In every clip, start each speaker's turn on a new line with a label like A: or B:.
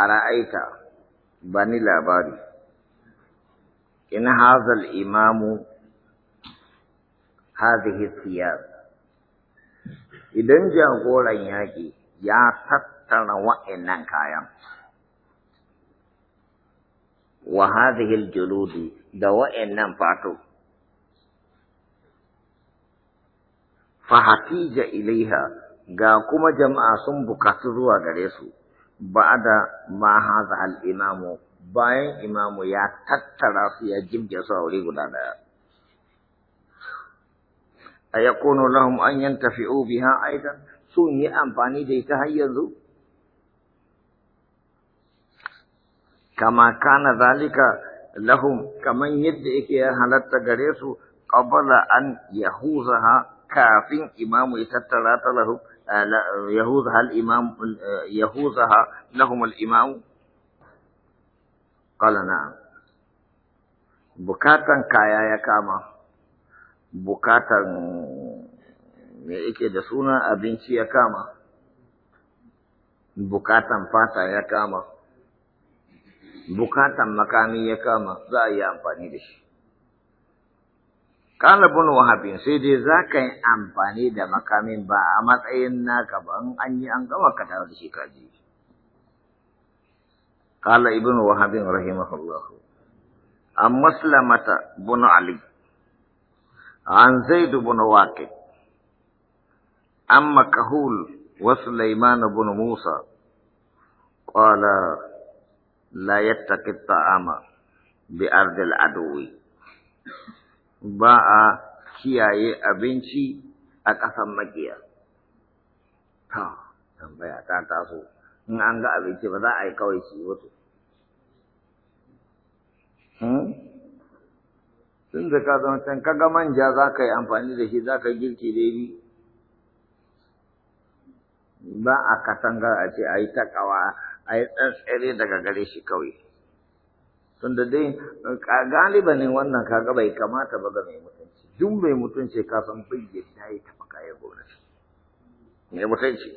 A: a ra'aita ba labari in hazal imamu hazihi siyar idan jagoran yaƙi ya tattara wa'annan kayan wa hazihi juludi da wa'annan fato fahatija ilaiha ga kuma jama'a sun bukatu zuwa gare su بعد ما هذا الإمام باين إمام يا تترى في جيب جسوري قد أيكون لهم أن ينتفعوا بها أيضا سوني أمباني ديتا هيا كما كان ذلك لهم كما يدعك يا هلت قبل أن يهوزها كافين إمام يتترى لهم يهوذها الإمام يهوذها لهم الإمام قال نعم بكاتا كايا يا كاما بكاتا me yake da suna abinci ya kama bukatan fata ya kama bukatan makami ya kama za a yi amfani da shi Ƙalibin wahabin sai dai za ka yi amfani da makamin ba a matsayin naka ba an yi an gama ka tare da shi ji kala ibn wahabin rahimahullahu. An maslamata bin Ali. An zaid bin waƙi. An kahul wasu sulaiman bin Musa. Ƙwala la yattaki ta'ama bi ardil adwi ba a kiyaye abinci a ƙasar makiya. Ta, tambaya ta taso, in an ga abinci ba za a yi kawai shi wato. Hmm? Tun da ka zama can, ga manja za ka yi amfani da shi za ka girki da yi Ba a katanga a ce a yi takawa, a yi tsere daga gare shi kawai. tunda dai galiba ne wannan kaga bai kamata ba ga mai mutunci duk mai mutunci ka san bai yadda ya tafi kayan gwamnati mai mutunci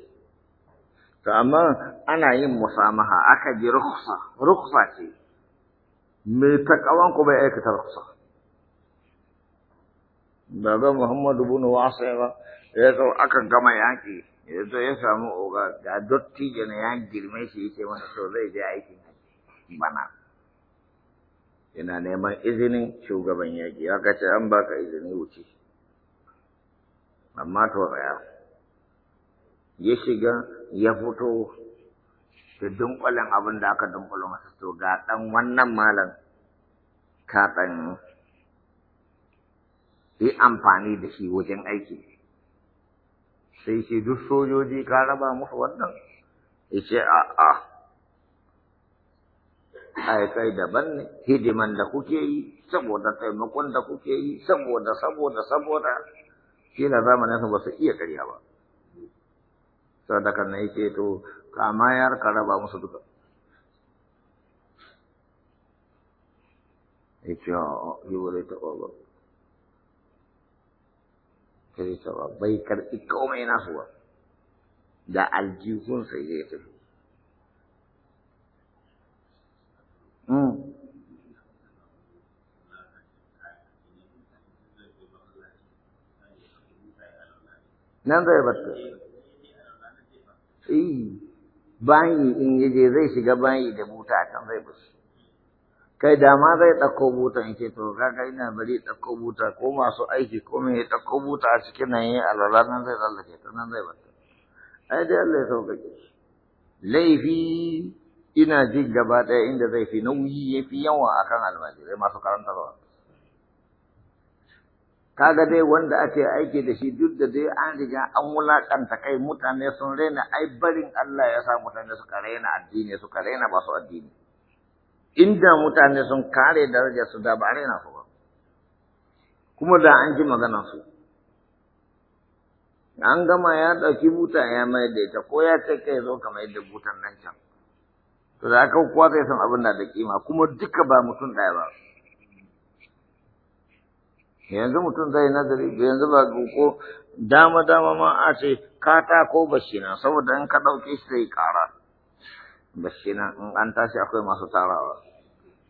A: to amma ana yin musamaha aka ji ruksa ruksa ce mai takawan ku bai aikata ruksa Baba Muhammadu bunu Wasa ba ya zo aka gama yaki ya zo ya samu oga Da dotti na ya girme shi yake masa to zai je aikin bana yana neman izinin shugaban yaƙi ya kace an baka izini wuce amma to tsaya ya shiga ya fito da dunkulen abin da aka dunkula masa to ga ɗan wannan malam ka dan yi amfani da shi wajen aiki sai shi duk sojoji ka raba musu wannan ya ce a'a Ai aikai daban ne hidiman da kuke yi saboda taimakon da kuke yi saboda saboda saboda shi na zamanin su ba su iya karya ba sadakar na yake to kama ya ka raba musu duka ya ce yi wuri taɓa ba kare ba bai karɓi komai nasu ba da aljihunsa ya tafi Hmm. nan zai batta Iyi bayi in yaje zai shiga bayi da buta a kan zai bashi kai da ma zai ɗauko buta in ce to kaga ina bari ɗauko buta ko masu aiki ko me ya ɗauko buta a cikin nan yi alala nan zai tsallake ta nan zai batta ai dai Allah ya sauƙaƙe laifi ina jin gaba ɗaya inda zai fi nauyi ya fi yawa a kan almajirai masu karantarwa. Kaga dai wanda ake aiki da shi duk da dai an riga an wulaƙanta kai mutane sun raina ai barin Allah ya sa mutane suka raina addini suka raina masu addini. Inda mutane sun kare darajar su da ba raina su ba. Kuma da an ji magana su. An gama ya ɗauki buta ya mai da ita ko ya ce kai zo ka mai da butan nan can. to da aka kowa zai san abin da da kima kuma duka ba mutum ɗaya ba yanzu mutum zai nazari yanzu ba ko dama dama ma a ce katako bashina saboda in ka ɗauke shi zai ƙara bashina in an tashi akwai masu tarawa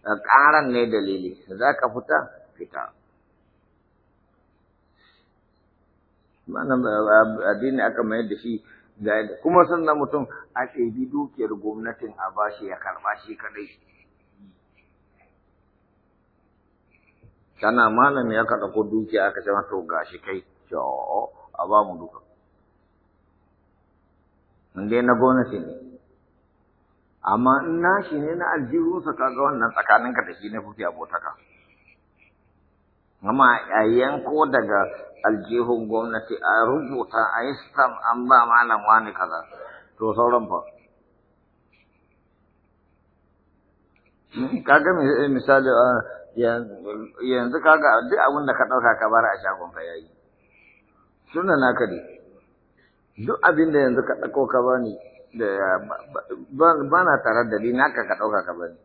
A: ƙaran ne dalili za ka fita fita ma'anar addini aka mayar da shi ga yadda kuma sannan mutum a ɗebi dukiyar gwamnatin a bashi ya karɓa shi kaɗai kana malami ya kaɗa ko dukiya aka ce mata ga shi kai oh, oh, a ba mu duka in dai na gwamnati ne amma in shi ne na aljihunsa kaga wannan tsakaninka da shi ne kuke abotaka. amma a yanko daga aljihun gwamnati a rubuta a yi stamp an ba malam wani kaza to sauran fa kaga misali yanzu kaga duk abin da ka ɗauka ka bar a shagon ka yayi suna na ne duk abin da yanzu ka ɗauko ka bani da ba na tare da ni naka ka ɗauka ka bani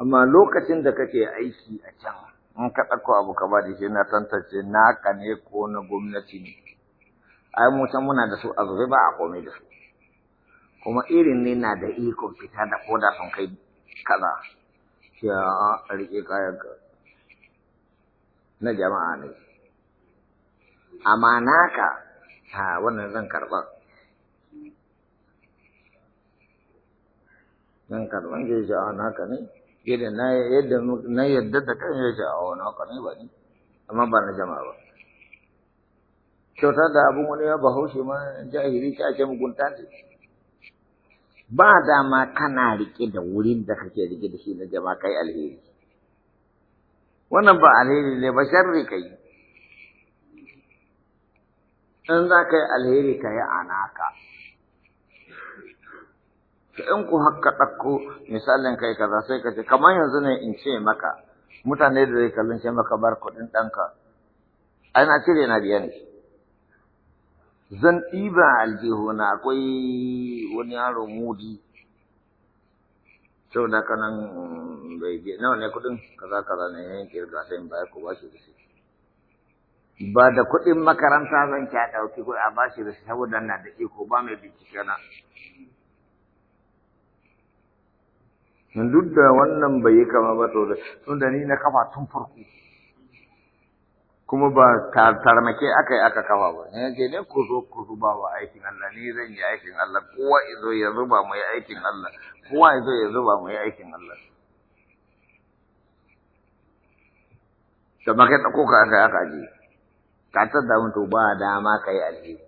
A: amma lokacin da kake aiki a can in ka ɗauko abu ka ba da shi na tantance naka ne ko na gwamnati ne ai mu san muna da su a zube ba a komai da su kuma irin ne na da ikon fita da koda sun kai kaza ya rike kayan ka na jama'a ne
B: amma naka
A: ha wannan zan karɓa zan karɓa zai ji a ah, naka ne yadda na yadda na yadda da kan ya ce a wani haka ne ba ni amma ba na jama'a ba kyauta da abin wani ya bahaushe ma jahili ta ce mugunta ce ba dama kana rike da wurin da kake rike da shi na jama'a kai alheri wannan ba alheri ne ba sharri kai in za ka yi alheri ka yi a naka in ku haka ɗakko misalin kai kaza sai ka ce kamar yanzu ne in ce maka mutane da zai kallon ce maka bar kuɗin ɗanka ai na cire na biya ne zan ɗiba aljihu na akwai wani yaro mudi sau da kanan bai biya nawa ne kuɗin kaza kaza ne yayin kirga sai in bayar ku ba shi da shi ba da kuɗin makaranta zan kya ɗauki kuɗi a bashi da shi saboda na da iko ba mai bincike na nan duk da wannan bai yi kama ba to da tun da ni na kafa tun farko kuma ba tarmake aka yi aka kafa ba ne ke ne ku zo ku zuba wa aikin Allah ni zan yi aikin Allah kowa izo ya zuba mai yi aikin Allah kowa izo ya zuba mai yi aikin Allah da maka ta koka aka aka ji ka ta da mutu ba dama kai alheri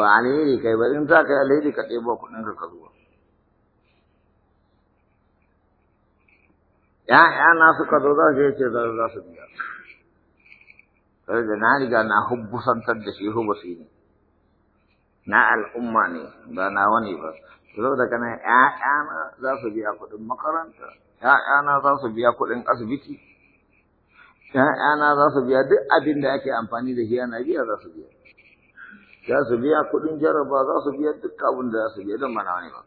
A: ba alheri kai ba in za ka yi alheri ka ɗebo kuɗin ka zuwa na suka zo za su yi ce za su biya. Sai da na riga na hubbusantar da shi su ne, na al'umma ne, ba na wani ba. Zo da kana ‘ya'yana za su biya kuɗin makaranta, ‘ya'yana za su biya kuɗin asibiti, ‘ya'yana za su biya duk abin da ake amfani da shi biya za su biya. Za su biya kuɗin jaraba za su biya duk abin da za su biya don mana wani ba.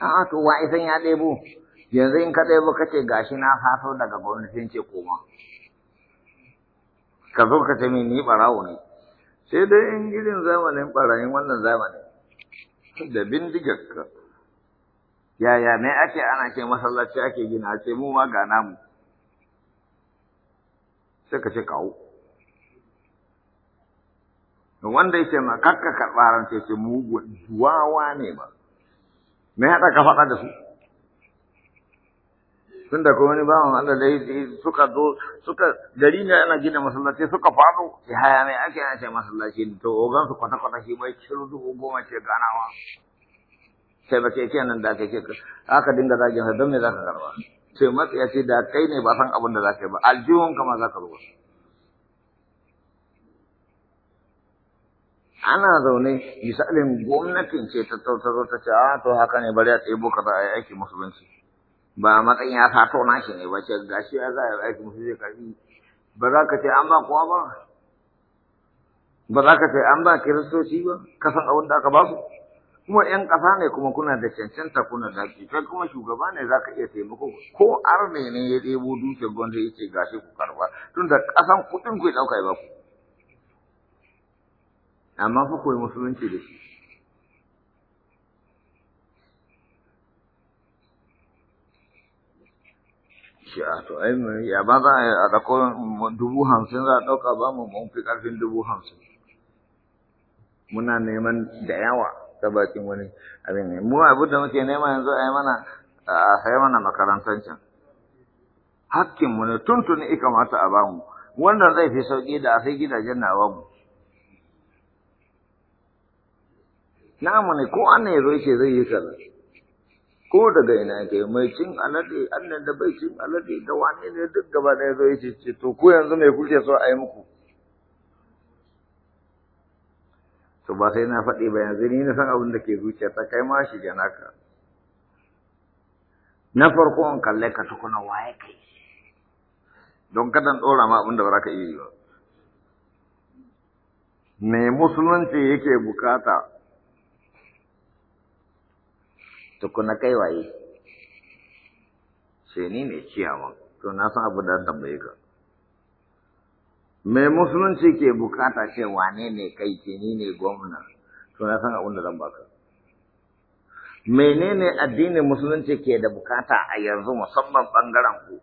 A: A'a to wa isan ya ɗebo, yanzu in ka ɗebo ka ce gashi na faso daga gwamnatin ce koma. Ka zo ka ce min ni ɓarawo ne. Sai dai in gidin zamanin ɓarayin wannan zamanin da bindigar ka. Yaya ne ake ana ce masallaci ake gina a ce mu ma ga namu. Sai ka ce kawo. Wanda yake ma kakka karɓaran ce ce mugu wawa ne ba. me ya ka faɗa da su tun da wani bawan Allah da suka zo suka gari ne ana gina masallaci suka faɗo ya haya mai ake ana ce masallaci to ogan su kwata kwata shi bai kiru dubu goma ce ganawa sai ba ce ke nan da kake aka dinga zagin sa don me zaka karba sai matsiya ce da kai ne ba san abin da zaka yi ba aljihun kama zaka rubuta ana zaune misalin gwamnatin ce ta tautaro ta ce a to haka ne bari a tsebo ka za a yi aiki musulunci ba a matsayin ya sato shi ne ba ce gashi ya za a yi aiki musulunci karfi ba za ka ce an ba kowa ba ba za ka ce an ba kiristoci ba ka san abin da aka ba su kuma 'yan ƙasa ne kuma kuna da cancanta kuna da kai kuma shugaba ne za ka iya taimako ko arne ne ya ɗebo dukiyar gwamnati ya ce gashi ku karɓa tun da ƙasan kuɗin ku ya ɗauka ya ba ku amma fa koyi musulunci da shi shi a to ai ya ba za a ɗauko dubu hamsin za a ɗauka ba mu mun fi ƙarfin dubu hamsin muna neman da yawa ta bakin wani abin ne mu abu da muke nema yanzu a yi mana a sai mana makarantar can hakkin mu ne tuntuni ikamata a bamu wannan zai fi sauƙi da a sai gidajen na mu namu ne ko an ya zo yake zai yi kaza ko daga ina ke mai cin alade annan da bai cin alade da wani ne duk gaba ɗaya zo yace ce to ko yanzu mai kuke so a yi muku to ba sai na faɗi ba yanzu ni na san abin da ke zuciya ta kai ma shi ga naka na farko in kalle ka tukuna waye kai don kadan ɗora ma abin da ba za ka iya yi ba me musulunci yake bukata tukuna kai waye sai ni ne ciyawa to na san abu da tambaye ka mai musulunci ke bukata ce wane ne kai ce ni ne gwamna to na san abin da zan baka menene addinin musulunci ke da bukata a yanzu musamman bangaren ku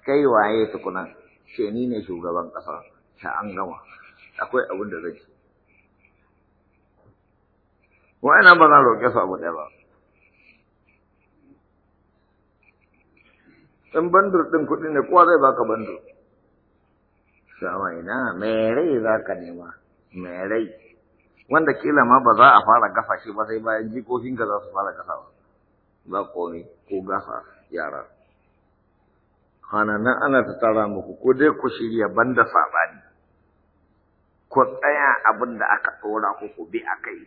A: kai waye tukuna ce ni ne shugaban kasa ta an gama akwai abin da zai wa'ina ba zan roƙe su abu ɗaya ba in bandur ɗin kuɗi ne kowa zai baka bandur Sama ina mai rai za ka nema me rai wanda kila ma ba za a fara gasa shi ba sai bayan jikokinka za su fara gasa ba komai ko gasa yara nan ana ta tara muku ko dai ku shirya banda saɓani ku tsaya abin da aka ɗora ku ku bi a kai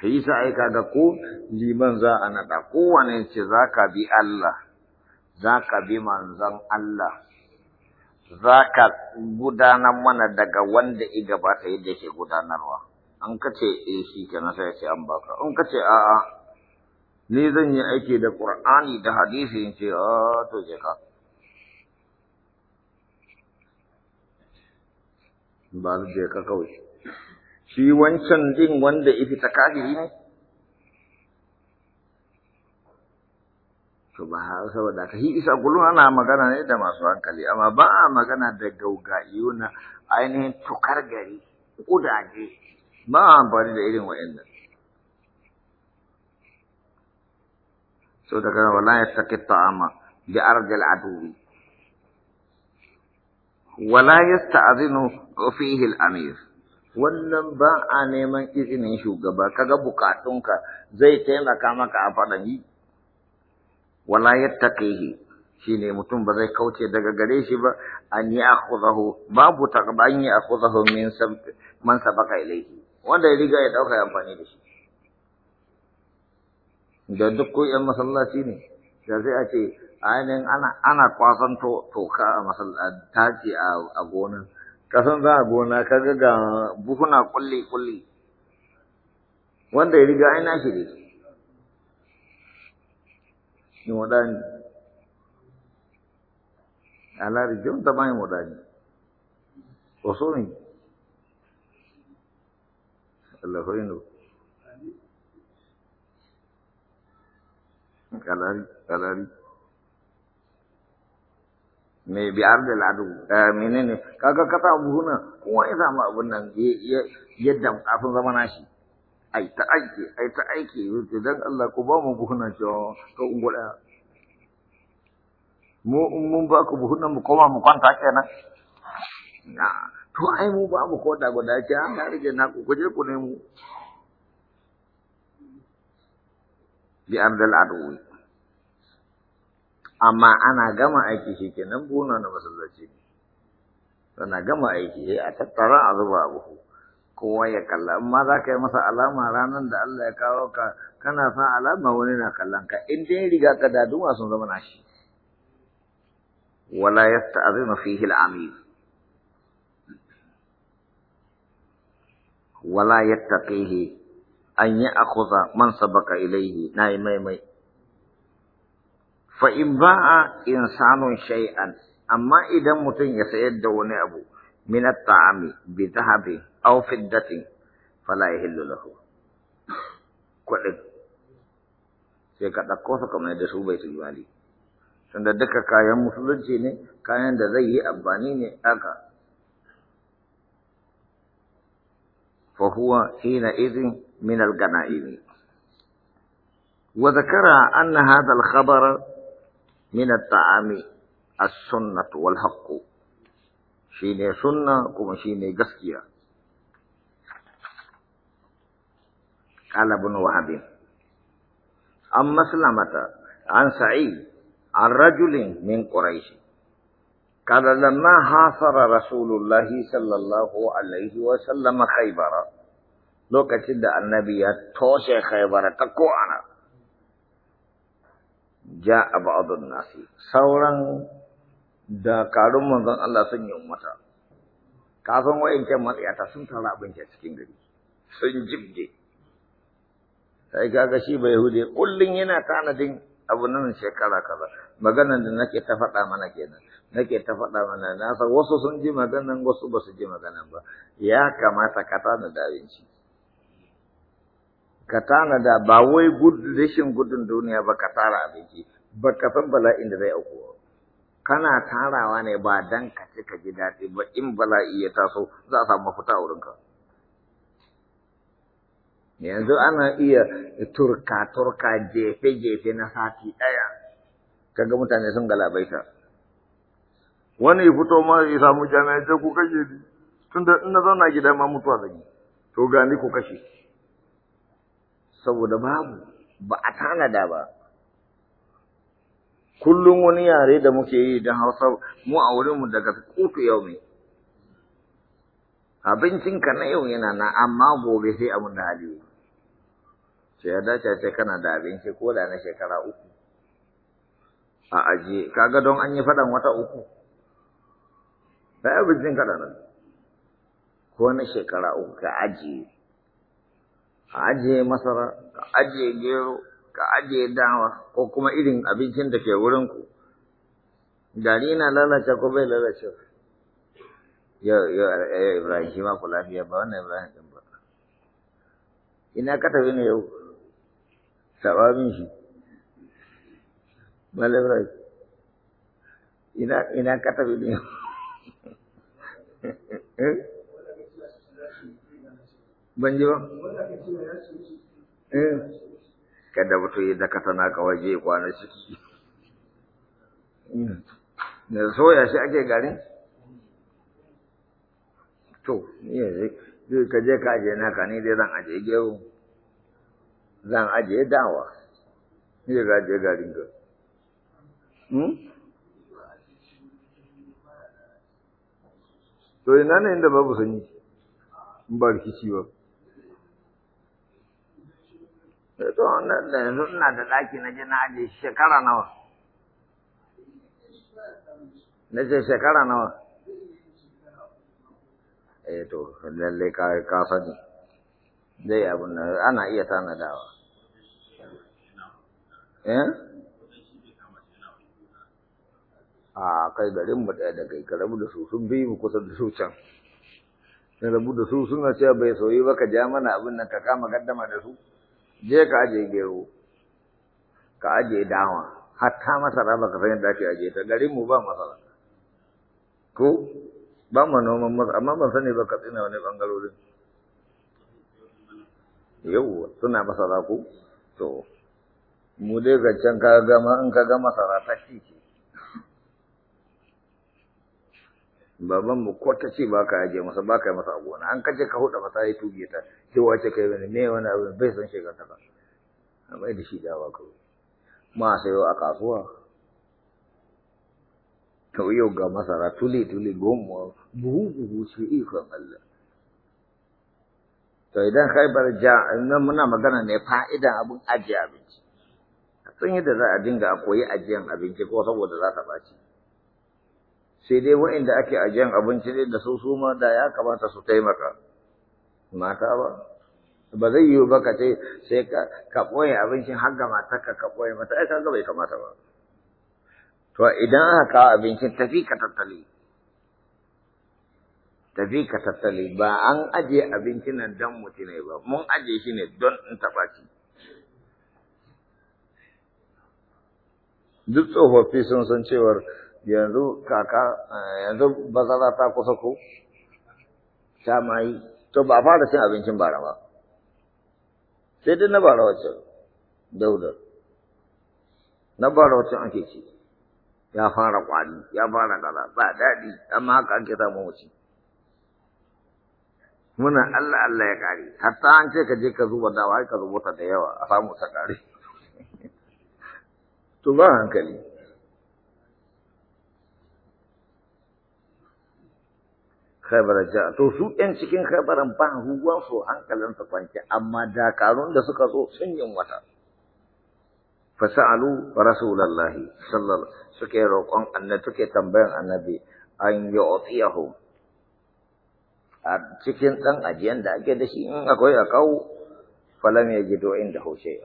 A: ka yi sa aika ga ko liman za a naɗa kowane ce za ka bi Allah za ka bi manzan Allah za ka gudanar mana daga wanda i ta yadda ke gudanarwa an ka ce eh shi kenan sai ce an baka an ka ce a'a ni zan yi aiki da ƙur'ani da hadisi in ce a to je ka ba je ka kawai shi wancan din wanda ifi ta kafiri ne to ba saboda ka hi isa kullum ana magana ne da masu hankali amma ba a magana da gaugayu na ainihin tukar gari kudaje ba a amfani da irin wa'annan so daga wala ya saki ta'ama bi arjal aduwi wala yasta'zinu fihi al-amir wannan ba a neman izinin shugaba kaga bukatunka zai taimaka maka a faɗani wala yattaqihi shine mutum ba zai kauce daga gare shi ba an yi akhudahu babu taqban yi akhudahu min man sabaka ilayhi wanda ya riga ya dauka amfani da shi da duk ko yan masallaci ne da zai a ce ainihin ana ana kwasan toka a masallaci a gonan kasan za a gona ka ga ga buhuna kulli kulli wanda ya riga ai shi ne ni wadani ala rijum ta bai wadani so ne Allah ko indo kalari kalari mai biyar da ladu eh, ne kaga abu huna kuma ya samu abin nan yadda kafin zama nashi ai ta aiki ai ta aiki dan Allah ku ba mu buhuna cewa to ungula mu mun ba ku buhuna mu koma mu kwanta kenan na to ai mu ba mu koda guda ce an ah, rage na ku kuje ku ne mu bi amdal adwi amma ana gama aiki shi kenan buna na masallaci ana gama aiki a tattara a zuba a buhu kowa ya kalla amma za ka yi masa alama ranar da Allah ya kawo ka kana sa alama wani na kallon ka in dai riga ka da duma sun zama nashi wala yasta'zinu fihi al-amir wala yattaqihi an ya'khudha man sabaka ilayhi na yi maimai. fa in ba'a insanun shay'an amma idan mutum ya sayar da wani abu min at-ta'ami bi dhahabi aw fiddati fala yahillu lahu kuɗin sai ka ɗauko su kamar da su bai su mali tunda duka kayan musulunci ne kayan da zai yi amfani ne aka فهو حينئذ من الغنائم وذكر أن هذا الخبر من الطعام السنة والحق شيني سنة كما شيني قسكية قال ابن وهب أما سلامة عن سعيد عن رجل من قريش قال لما حاصر رسول الله صلى الله عليه وسلم خيبر لو كتد النبي توشي خيبر تقوانا ja a ba'adun nasi sauran da karun manzon Allah sun yi ummata kafin wa'incan matsayata sun tara abinci cikin gari sun jibge sai kaga shi bai hude kullum yana tanadin abu nan shekara kaza maganan da nake ta faɗa mana kenan nake ta faɗa mana nasa san wasu sun ji maganan wasu ba su ji maganan ba ya kamata ka tana da abinci ka tanada ba wai gudun rashin gudun duniya ba ka tara abinci ba ka san bala'in da zai auku kana tarawa ne ba dan ka ci ka ji daɗi ba in bala'i ya taso za a samu mafita a wurinka yanzu ana iya turka turka jefe jefe na sati ɗaya kaga mutane sun galabaita wani ya fito ma ya samu jami'a ce ku kashe ni tunda in na zauna gida ma mutuwa zan yi to ga ni ku kashe saboda babu ba a tanada ba kullum wani yare da muke yi don hausa mu a wurinmu daga kutu yau ne abincinka na yau yana na amma gobe sai abin da hali sai ya dace sai kana da abinci ko da na shekara uku a aje kaga don an yi faɗan wata uku ba abincin kaɗan ko na shekara uku ka ajiye ka ajiye masara ka ajiye gero ka ajiye dawa ko kuma irin abincin da ke wurin ku gari na lalace ko bai lalace ya eh, ibrahim shi ma ku lafiya ba wannan ibrahim din ba ina ka tafi ne yau sababin shi malam ibrahim ina ina ka tafi ne yau eh? ban ji ba eh kada mutum yi daka tana ka waje kwana ciki hmm. da soya shi ake garin to yanzu zai ka je ka ajiye naka ni dai zan aje gero zan aje dawa ni zai ka ajiye garin ka hmm? to ina ne inda babu sanyi in ba rikici ba to da yanzu ina da ɗaki na je na shekara nawa na ce shekara nawa eh to lalle ka ka sani dai abun nan ana iya dawa eh a kai garin mu ɗaya da kai ka rabu da su sun bi mu kusa da su can na rabu da su suna cewa bai soyi ba ka ja mana abin nan ka kama gaddama da su je ka aje gero ka aje dawa hatta masara baka san yadda ake aje ta garin mu ba masara ko ba mu noman masara amma ban sani ba ka tsina wani bangarorin yau suna masara ko to mu dai ga can ka gama in ka ga masara ta shi baban mu ko ta ce baka aje masa baka yi masa a gona an kace ka huda masa yi tuge ta sai wace kai bane me wani abu bai san shiga ta ba amma da shi dawa kawai ma sayo a kasuwa to yau ga masara tuli tuli gomo buhu buhu shi ikon Allah to idan khaibar ja nan muna magana ne fa'idan abun ajiye abinci sun yadda za a dinga a koyi ajiyan abinci ko saboda za ta ɓaci sai dai wa'inda ake ajiyan abinci ne da su su ma da ya kamata su taimaka mata ba ba zai yiwu ba ka ce sai ka ɓoye abincin har ga matarka ka ɓoye mata ai kaga bai kamata ba to idan aka kawo abincin tafi ka tattali tafi ka tattali ba an ajiye abincin nan don mutu ne ba mun ajiye shi ne don in taɓa shi duk tsofaffi sun san cewar yanzu kaka eh, yanzu bazara ta kusa ko ta mayi to ba fara cin abincin bara ba sai dai na bara wacce Dauda. na bara wacce ake ci ya fara kwani ya fara kaza ba daɗi amma haka ake samu wuce muna Allah Allah ya kare hatta an ce ka je ka zuba dawa ka zubo ta da yawa a samu ta kare to ba hankali khaibar ja to su ɗan cikin khabaran ba ruwan su hankalin su kwance amma dakarun da suka zo sun yin wata fasalu rasulullahi sallallahu suke roƙon annabi suke tambayan annabi an yu'tiyahu a cikin ɗan ajiyan da ake da shi in akwai a kawo falam ya gido inda haushe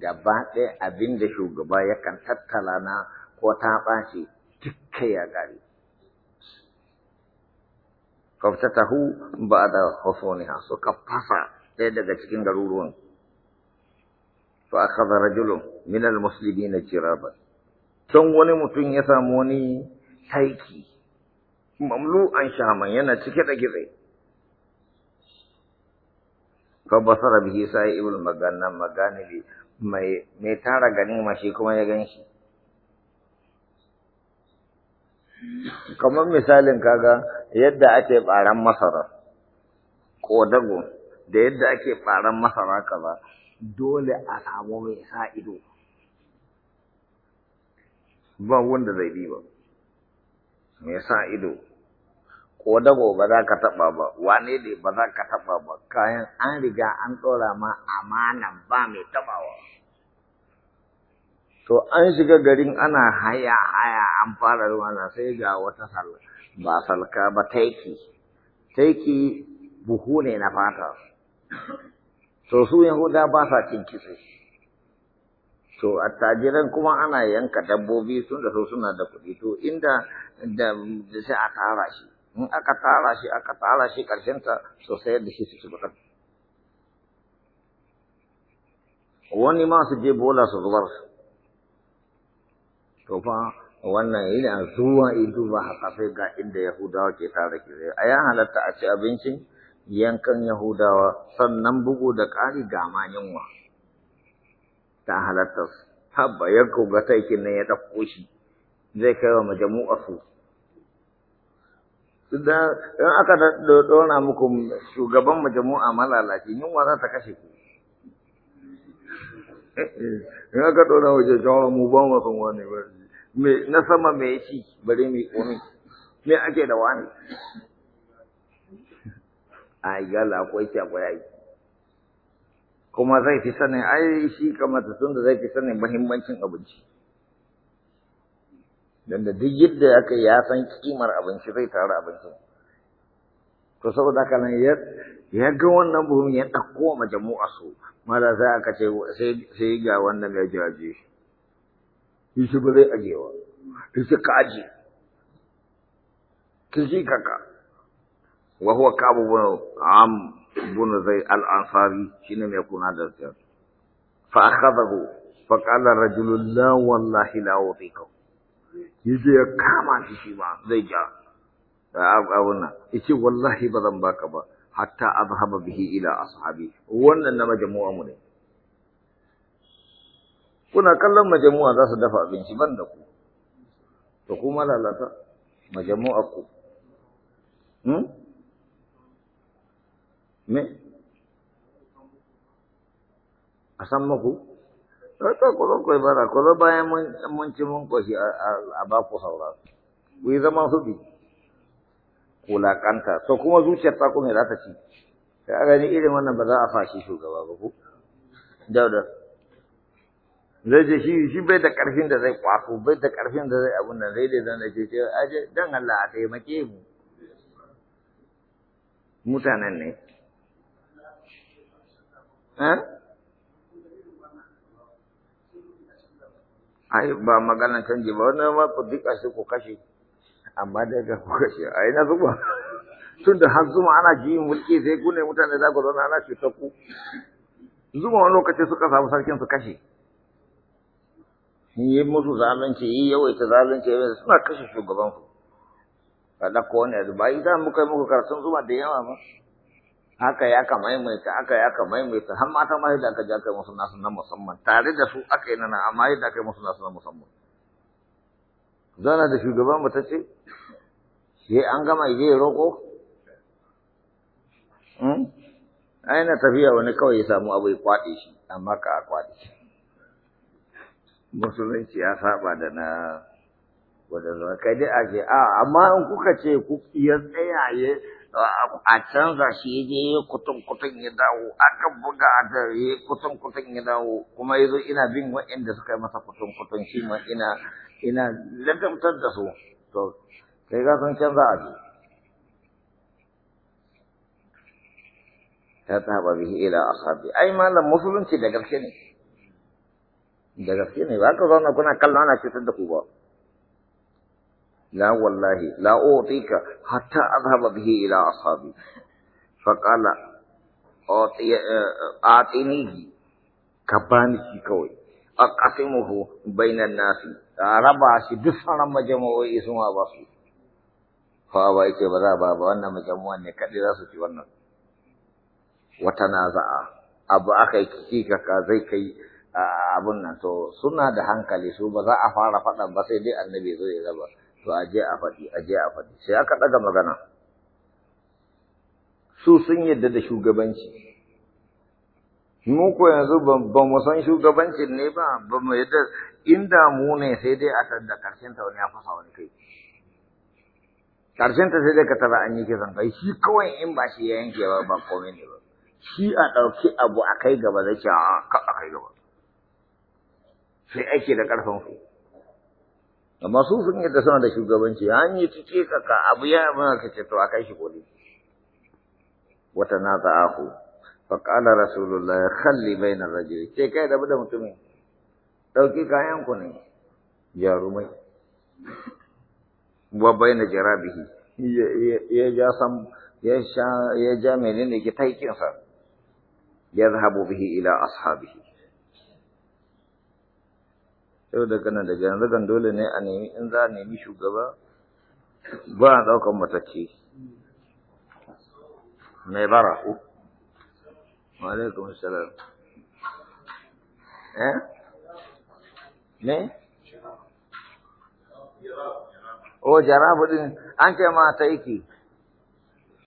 A: gaba ɗaya abin da shugaba yakan tattala na ko ta ɓaci dukka ya gari. faftatahu ba'da husuniha so kafasa ɗaya daga cikin garuruwan fa akhadha rajulun min almuslimin jiraban don wani mutum ya samu wani taiki mamlu an shaman yana cike da gizai fa basara bihi sai ibn magana maganibi mai mai tara ganima shi kuma ya ganshi kamar misalin kaga yadda ake ɓaran masara kodago da yadda ake ɓaran masara kaza dole a samu mai sa ido ba wanda zai bi ba mai sa ido Kodago ba za ka taɓa ba wane ne ba za ka taɓa ba kayan an riga an ɗora ma amanan ba mai taɓawa to an shiga garin ana haya haya an fara ruwa na sai ga wata salka ba salka ba taiki taiki buhu ne na fata to su yahuda ba sa cin kitse to attajiran kuma ana yanka dabbobi sun da su suna da kuɗi to inda da sai a tara shi in aka tara shi aka tara shi karshen ta so sayar da shi su ci bakar wani ma su je bola su zubar to fa wannan yana zuwa idu ba haka sai ga inda yahudawa ke tare ke a ya halatta a ci abinci yankan yahudawa sannan bugu da ƙari ga ma yunwa ta halatta habba yanko ga taikin nan ya ɗauko shi zai kai wa majamu'a su idan in aka dona muku shugaban majamu'a malalaci yunwa za ta kashe ku eh, eh, in aka dona wajen jawo mu ba mu san wani ba na sama mai ci bare mai komai me ake da wani ai gala ko ci akwai ai kuma zai fi sanin ai shi kamar tun da zai fi sanin muhimmancin abinci dan da duk yadda aka ya san kimar abinci zai tara abincin to saboda haka nan ya ga wannan buhun ya dauko majamu'a jama'a su mala sai aka ce sai ga wannan ya jaje shi Yusuf ba zai ajewa. Yusuf ka aje. Kishi kaka. Wa huwa kabu bin am bin zai al-ansari shine mai kuna da siyar. Fa akhadahu fa qala rajulun la wallahi la utika. Yaje ya kama shi shi ma zai ja. Abun nan yace wallahi ba zan baka ba hatta azhaba bihi ila ashabi wannan na majmu'a mu ne. kuna kallon majamu'a za su dafa abinci ban da ku to kuma lalata majamu'a ku hmm? me a san maku ta kuzon kwai bara kuzo bayan mun ci mun kwashi a ba ku saura ku yi zaman Kula kulakanta to kuma zuciyar ta kuma za ta ci sai gani irin wannan ba za a fashi shugaba ba ku dauda zai je shi shi bai da ƙarfin da zai kwato bai da ƙarfin da zai abun nan zai dai zan da ce aje dan Allah a taimake mu mutanen ne ai ba maganan canji ba wani ma ku duka shi ku kashe amma dai ga ku kashe ai na zuba tun da har zuma ana ji mulki sai gune mutane za ku zauna ana ce ta ku zuma wani lokaci suka samu sarkin su kashe yi musu zalunci yi yawaita zalunci suna kashe shugaban ku ka ɗauko wani yanzu ba ita muka yi muku karatun zuma da yawa ba haka ya ka maimaita haka ya ka maimaita har mata ma yadda aka ji aka yi musu nasu na musamman tare da su aka yi nana amma yadda aka yi musu nasu na musamman zana da shugaban mu ta ce sai an gama zai roƙo hmm? ai na tafiya wani kawai ya samu abu ya kwaɗe shi amma ka a kwaɗe shi musulunci ya saba da na zama kai dai a ce a amma in kuka ce ku ya tsayaye a canza shi ya je ya kutun kutun ya dawo aka buga a da ya kutun kutun ya dawo kuma ya zo ina bin waɗanda suka yi masa kutun kutun shi ma ina ina lagamtar da su to kai ga sun canza a ji ta taɓa bihi ila ashabi ai malam musulunci da gaske ne da gaske ne ba ka zauna kuna kallon ana cutar da ku ba la wallahi la utika hatta azhaba bihi ila ashabi fa qala atini eh, ka bani shi kawai aqasimuhu bainan A raba shi duk sauran majami'o'i sun ba su fa ba ba za ba wannan majami'an ne za su ci wannan wata naza'a abu aka yi zai abun nan to suna da hankali su ba za a fara faɗan ba sai dai annabi zo ya zaba to a je a faɗi a je a faɗi sai aka ɗaga magana su sun yadda da shugabanci mu ko yanzu ba mu san shugabancin ne ba ba mu yadda inda mu ne sai dai a tada karshen ta wani ya fasa wani kai karshen ta sai dai ka tara an yi kisan kai shi kawai in ba shi ya yanke ba ba komai ne ba shi a ɗauki abu a kai gaba zai ce ah, a kai gaba sai aiki da ƙarfin ku amma su sun yadda suna da shugabanci an yi cike ka ka abu ya mana ka ce to a kai shi koli wata na za a ku rasulullah ya kalli bai na rajul ce kai da da mutumin ɗauki kayan ku ne jarumai wa baina jarabihi ya ja sam ya ja mai ja menene ke taikinsa Ya zahabu bihi ila ashabihi yau da gana daga yanzu gan dole ne a nemi in za a nemi shugaba ba a ɗaukan matacce mai bara ku alaikum salam eh ne o oh, jarabu din an ce ma ta yake